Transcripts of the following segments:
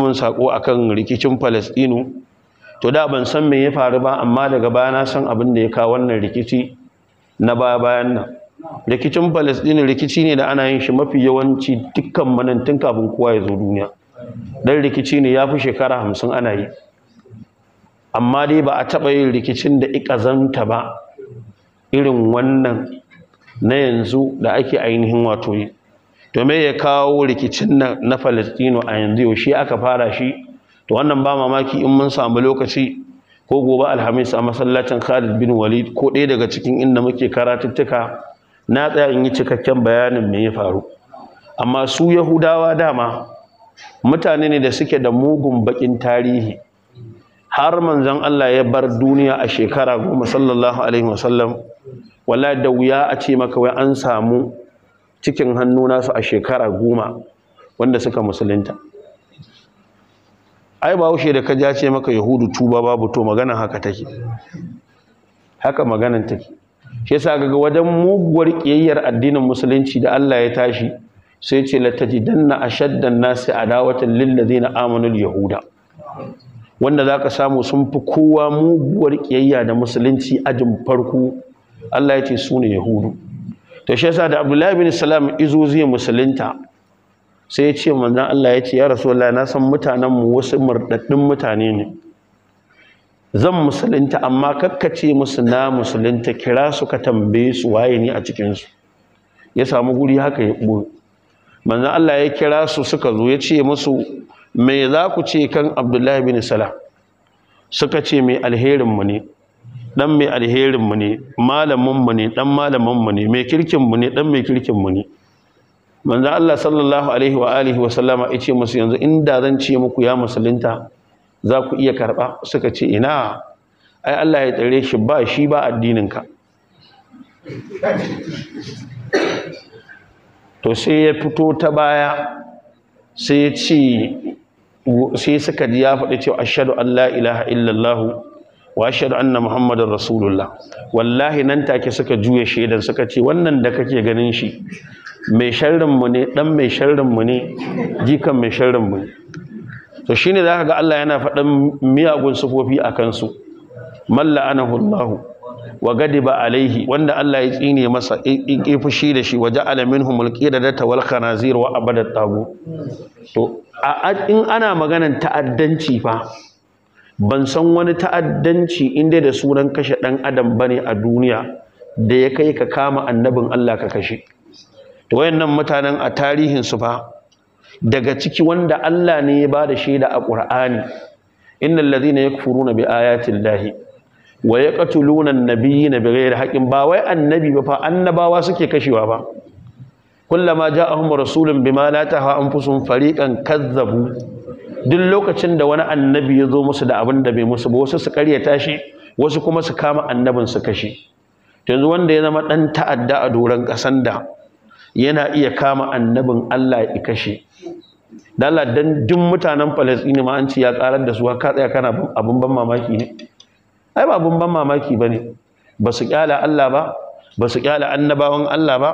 mun sako akan rikicin falasɗinu to da ban san me ya faru ba amma daga baya na san abin da ya kawo wannan rikici na baya bayan nan rikicin falasɗinu rikici ne da ana yin shi mafi yawanci dukkan manantun kafin kowa ya zo duniya dan rikici ne ya fi shekara hamsin ana yi amma dai ba a taba yin rikicin da ikazanta ba irin wannan na yanzu da ake ainihin wato to me ya kawo rikicin nan na Falastino a yanzu yaushe aka fara shi to wannan ba mamaki in mun samu lokaci ko gobe Alhamis a masallacin Khalid bin Walid ko ɗaya daga cikin inda muke karatuttuka na tsaya in yi cikakken bayanin me ya faru amma su Yahudawa dama mutane ne da suke da mugun bakin tarihi har manzon Allah ya bar duniya a shekara goma sallallahu alaihi wasallam wallahi da wuya a ce maka wai an samu cikin hannu nasu a shekara goma wanda suka musulunta ai ba haushe da ka jace maka yahudu tuba babu to magana haka take haka maganan take shi yasa kaga wajen muguwar ƙiyayyar addinin musulunci da Allah ya tashi sai ce la tajidanna ashaddan nasi adawatan lil ladina amanu al yahuda wanda za ka samu sun fi kowa muguwar kiyayya da musulunci ajin farko Allah ya ce su sune yahudu to shi yasa da Abdullahi bin Salam izo zai musulunta sai ya ce manzon Allah ya ce ya Rasulullah na san mutanen mu wasu murdaddin mutane ne zan musulunta amma kakkace musu na musulunta kira su ka tambaye su waye ne a cikinsu. su ya samu guri haka ya ɓoye manzon Allah ya kira su suka zo ya ce musu me za ku ce kan Abdullahi bin Salam suka ce mai alherin mu ne dan mai alherin mu ne malamin mu ne dan malamin mu ne mai kirkin mu ne dan mai kirkin mu ne manzo Allah sallallahu alaihi wa alihi wa sallama yace musu yanzu inda zan ce muku ya musulunta za ku iya karba suka ce ina ai Allah ya tsare shi ba shi ba addinin ka to sai ya fito ta baya sai ya ce sai suka ji ya faɗi cewa ashhadu an la ilaha illallah wa ashhadu anna muhammadar rasulullah wallahi nan take suka juya shaidan suka ce wannan da kake ganin shi mai sharrin mu ne dan mai sharrin mu ne jikan mai sharrin mu to shine zaka ga Allah yana faɗan miyagun sufofi a kansu malla anahu Allah wa gadiba alaihi wanda Allah ya tsine masa ya fushi da shi waje alaminhum alqidadata wal khanazir wa abada tabu to a in ana maganan ta'addanci fa ban san wani ta'addanci inda da sunan kashe ɗan adam ba ne a duniya da ya kai ka kama annabin Allah ka kashe to wayannan mutanen a tarihin su fa daga ciki wanda Allah ne ya bada shaida a Qur'ani innal ladhina yakfuruna bi ayati llahi wa yaqtuluna an-nabiyina bighayri haqqin ba wai annabi ba fa annabawa suke kashewa ba kullama ja'ahum rasulun bima la taha anfusuhum fariqan kazzabu duk lokacin da wani annabi ya zo musu da abin da bai musu ba wasu su karyata shi wasu kuma su kama annabin su kashe yanzu wanda ya zama dan ta'adda a doron kasan da yana iya kama annabin Allah ya kashe da Allah dan duk mutanen Palestine ma an ci ya karar da su ka tsaya kana abin ban mamaki ne ai ba abin ban mamaki bane ba su kyala Allah ba ba su kyala annabawan Allah ba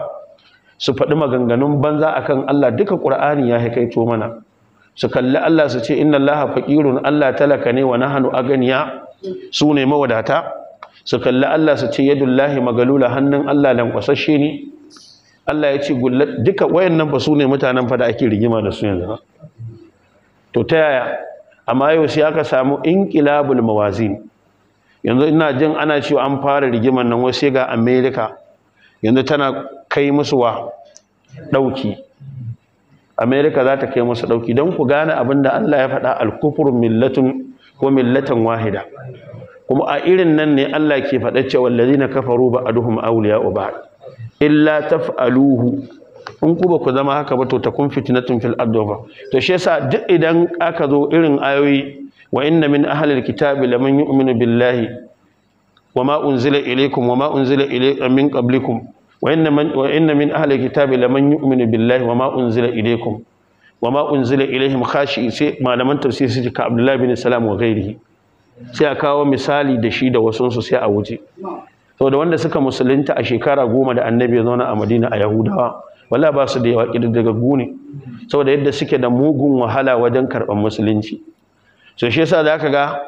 su faɗi maganganun banza a kan Allah duka ƙur'ani ya haikaito mana su kalli Allah su ce inna Allah faqirun Allah talaka ne wa na hannu aganiya su ne mawadata su kalli Allah su ce yadullahi magalula hannun Allah lankwasashe ne Allah ya ce duka wayannan ba su ne mutanen fa ake rigima da su yanzu to ta yaya amma yau sai aka samu inqilabul mawazin yanzu ina jin ana cewa an fara rigiman nan wai sai ga America yanzu tana kai musu wa ɗauki amerika za ta kai musu ɗauki don ku gane abin da allah ya faɗa alkufur millatun ko millatan wahida kuma a irin nan ne allah ke faɗa cewa lazina kafaru ba aduhum auliya uba illa taf'aluhu in ku ba ku zama haka ba to takun fitnatun fil ardi to shi yasa duk idan aka zo irin ayoyi wa inna min ahli kitabi laman yu'minu billahi wama unzila ilaykum wama unzila ilaykum min qablikum wa'inna min ahlil kitabi lamanyu'minu billahi wama unzila ilaykum wama unzila ilaihim khashiyyan ma'lamantu sisi ka abdullahi bin salam wa ghairihi sai aka kawo misali da shi da wasunsu sai a wuce saboda wanda suka musulunta a shekara goma da annabi ya zo a madina a yahudawa wala ba su da yaki daga guni. saboda yadda suke da mugun wahala wajen karban musulunci so shi yasa zaka ga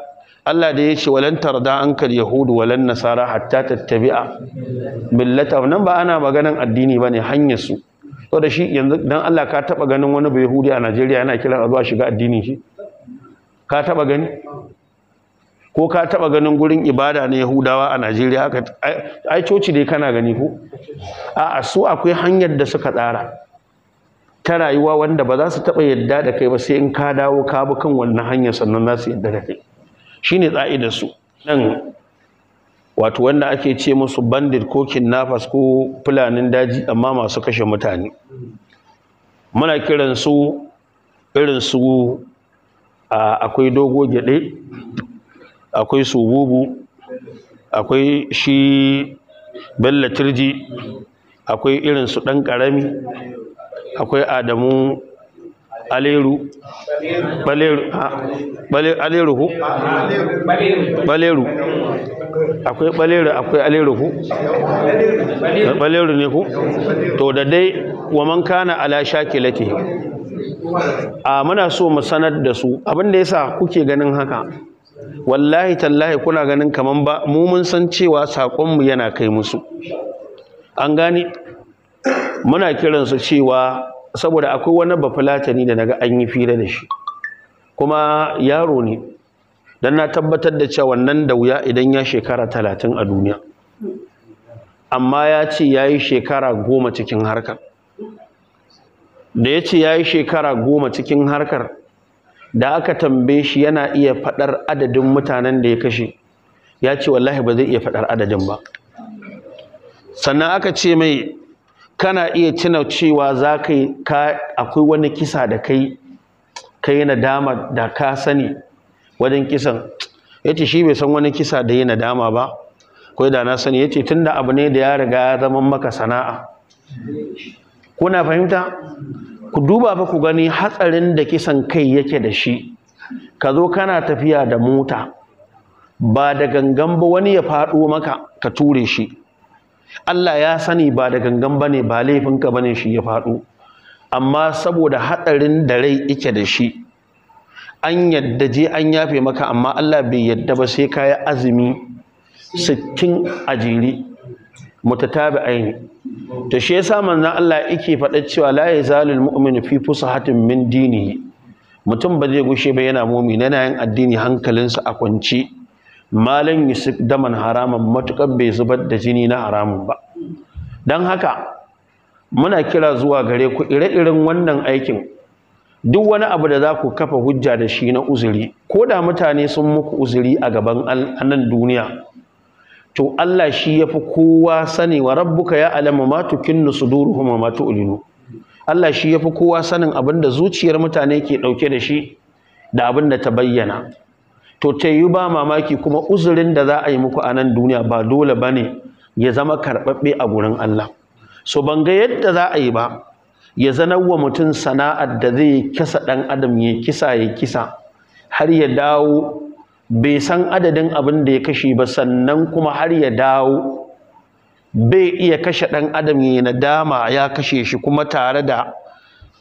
Allah da ya ce walan tarda ankal yahudu walan nasara hatta tattabi'a millata nan ba ana maganan addini bane hanyar su to da shi yanzu dan Allah ka taba ganin wani bai yahudi a Najeriya yana kiran zuwa shiga addinin shi ka taba gani ko ka taba ganin gurin ibada na Yahudawa a Najeriya haka ai coci dai kana gani ko a'a su akwai hanyar da suka tsara ta rayuwa wanda ba za su taba yadda da kai ba sai in ka dawo ka bi kan wannan hanyar sannan za su yadda da kai shine tsa'idar su nan wato wanda ake ce musu bandit ko kidnappers ko fulanin daji amma masu kashe mutane muna kiran su irin su akwai dogo gyaɗe akwai sububu akwai shi bella turji akwai irin su ɗan ƙarami akwai adamu aleru baleru aleruhu baleru akwai baleru akwai aleruhu baleru ne ku to da dai wa man kana ala shakilati a muna so mu sanar da su abinda yasa kuke ganin haka wallahi tallahi kuna ganin kaman ba mu mun san cewa sakon mu yana kai musu an gani muna kiransu cewa saboda akwai wani bafulatani da naga an yi fira da shi kuma yaro ne dan na tabbatar da cewa wannan da wuya idan ya shekara talatin a duniya amma ya ce ya yi shekara goma cikin harkar da ya ce ya yi shekara goma cikin harkar da aka tambaye shi yana iya faɗar adadin mutanen da ya kashe ya ce wallahi ba zai iya faɗar adadin ba sannan aka ce mai kana iya cina cewa za ka akwai wani kisa da kai ka yi nadama da ka sani wajen kisan ya ce shi bai san wani kisa da yi nadama ba kai da na sani ya ce tun da abu ne da ya riga ya zama maka sana'a kuna fahimta ku duba fa ku gani hatsarin da kisan kai yake da shi ka zo kana tafiya da mota ba da gangan ba wani ya faɗo maka ka ture shi Allah ya sani ba da gangan ba ne ba laifinka ne shi ya faɗo amma saboda haɗarin da rai yake da shi an yadda je an yafe maka amma Allah bai yadda ba sai ka yi azumi sittin a ajiri aini. to shi yasa manzon Allah yake faɗa cewa la yazalul mu'minu fi fusahatin min dinihi mutum ba zai gushe ba yana mu'min yana yin addini hankalinsa a kwance Malam yusuf daman haramun matukar bai zubar da jini na haramun ba don haka muna kira zuwa gare ku ire-iren wannan aikin duk wani abu da za ku kafa hujja da shi na uzuri ko da mutane sun muku uzuri a gaban annan duniya to Allah shi ya fi kowa sani wa rabbuka ya alama ma tukinnu duru kuma matu tu'linu Allah shi ya fi kowa sanin abin da zuciyar mutane ke ɗauke da shi da abin da ta bayyana to ce yi ba mamaki kuma uzurin da za a yi muku a nan duniya ba dole ba ne ya zama karɓaɓɓe a gurin Allah so ban ga yadda za a yi ba ya zana wa mutum sana'ar da zai kisa ɗan adam ya kisa ya kisa har ya dawo bai san adadin abin da ya kashe ba sannan kuma har ya dawo bai iya kashe ɗan adam ya nadama ya kashe shi kuma tare da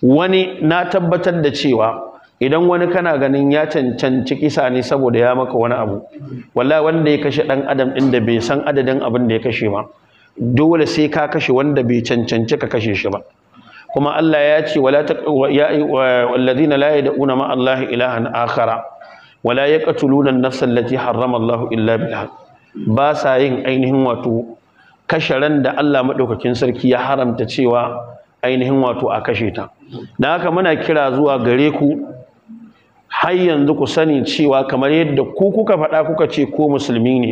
wani na tabbatar da cewa idan wani kana ganin ya cancanci kisa ne saboda ya maka wani abu wallahi wanda ya kashe dan adam din da bai san adadin abin da ya kashe ma dole sai ka kashe wanda bai cancanci ka kashe shi ba kuma Allah ya ce wala ya alladhina la yad'una ma Allah ilahan akhara wala yaqtuluna an-nafsa allati harrama Allah illa bil ba sa yin ainihin wato kashe ran da Allah madaukakin sarki ya haramta cewa ainihin wato a kashe ta dan haka muna kira zuwa gare ku har yanzu ku sani cewa kamar yadda ku kuka faɗa kuka ce ko musulmi ne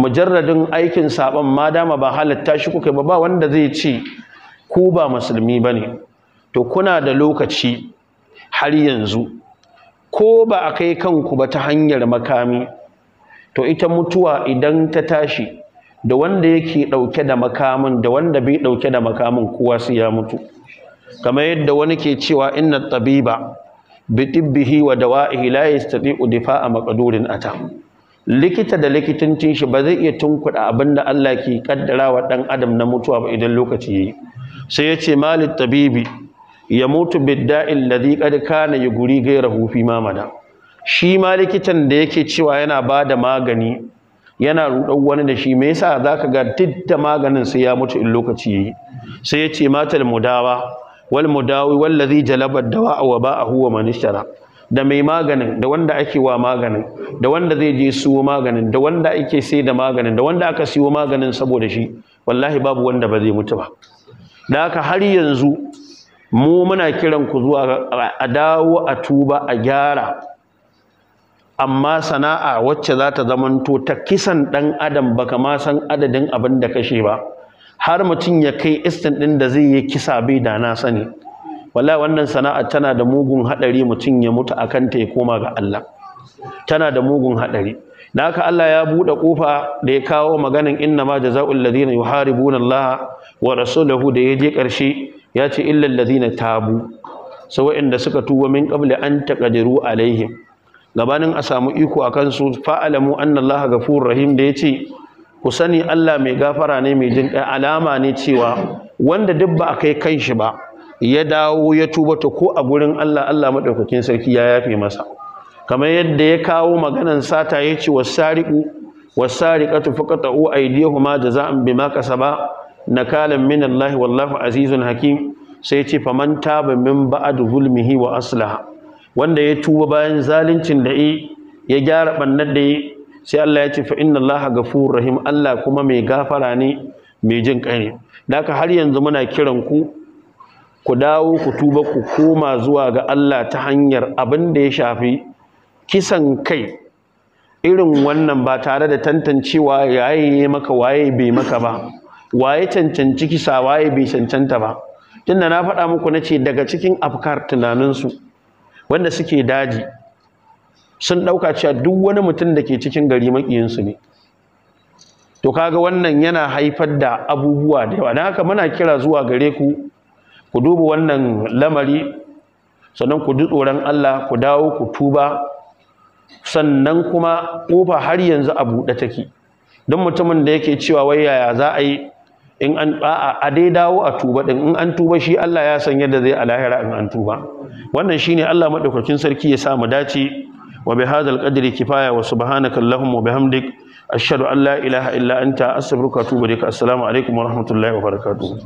mujarradin aikin saban ma dama ba halatta shi kuka ba ba wanda zai ce ku ba musulmi ba ne. to kuna da lokaci har yanzu ko ba a kai kanku ba ta hanyar makami to ita mutuwa idan ta tashi da wanda yake ɗauke da makamin da wanda bai ɗauke da makamin kowa sai ya mutu kamar yadda wani ke cewa inna tabiba bitibbihi wa dawa'ihi la yastati'u difa'a maqdurin ata likita da likitancin shi ba zai iya tunkuda abinda Allah ke kaddarawa ɗan dan adam na mutuwa ba idan lokaci yayi sai yace malit tabibi yamutu bidda'i alladhi qad kana yuguri ghayrahu fi mamada shi ma likitan da yake cewa yana bada magani yana rudan wani da shi me yasa zaka ga duk da maganin sai ya mutu in lokaci yayi sai yace matal mudawa wal mudawi wallazi jalaba da wa ba'ahu wa huwa ishtara da mai maganin da wanda ake wa maganin da wanda zai je siyo maganin da wanda ake sai da maganin da wanda aka siyo maganin saboda shi wallahi babu wanda ba zai mutu ba da haka har yanzu mu muna kiran ku zuwa a dawo a tuba a gyara amma sana'a wacce za ta zamanto ta kisan ɗan adam baka ma san adadin abin da kashe ba har mutum ya kai istin ɗin da zai yi kisa bai da na sani wala wannan sana'a tana da mugun haɗari mutum ya mutu akan ta ya koma ga Allah tana da mugun haɗari naka haka Allah ya buɗe kofa da ya kawo maganin inna ma jaza'ul ladina yuharibuna Allah wa rasulahu da ya je ƙarshe ya ce illal ladina tabu so waɗanda suka tuba min qabli an taqdiru alaihim gabanin a samu iko akan su fa'alamu anna Allah ghafurur rahim da yace ku sani Allah mai gafara ne mai jin alama ne cewa wanda duk ba a kai kan shi ba ya dawo ya tuba ta ko a gurin Allah Allah madaukakin sarki ya yafe masa kamar yadda ya kawo maganan sata ya ce wasariqu wasariqatu faqatu aydihuma jaza'an bima kasaba nakalan min Allah wallahu azizun hakim sai ce man taba min ba'd zulmihi wa aslaha wanda ya tuba bayan zaluncin da ya gyara bannan da ya sai Allah ya ce fa inna Allaha ghafurur rahim Allah kuma mai gafara ne mai jin kai ne daka har yanzu muna kiran ku ku dawo ku tuba ku koma zuwa ga Allah ta hanyar abin da ya shafi kisan kai irin wannan ba tare da tantancewa yayi maka waye bai maka ba waye cancanci kisa waye bai cancanta ba tunda na faɗa muku nace daga cikin afkar tunaninsu wanda suke daji sun ɗauka cewa duk wani mutum da ke cikin gari maƙiyinsu ne to kaga wannan yana haifar da abubuwa da yawa Na haka muna kira zuwa gare ku ku duba wannan lamari sannan ku ji tsoron Allah ku dawo ku tuba sannan kuma ƙofa har yanzu a buɗe take don mutumin da yake cewa wai yaya za a yi in an a'a a dai dawo a tuba din in an tuba shi Allah ya san yadda zai a lahira in an tuba wannan shine Allah madaukakin sarki ya sa mu dace وبهذا القدر كفاية وسبحانك اللهم وبحمدك أشهد أن لا إله إلا أنت أستغفرك وأتوب إليك السلام عليكم ورحمة الله وبركاته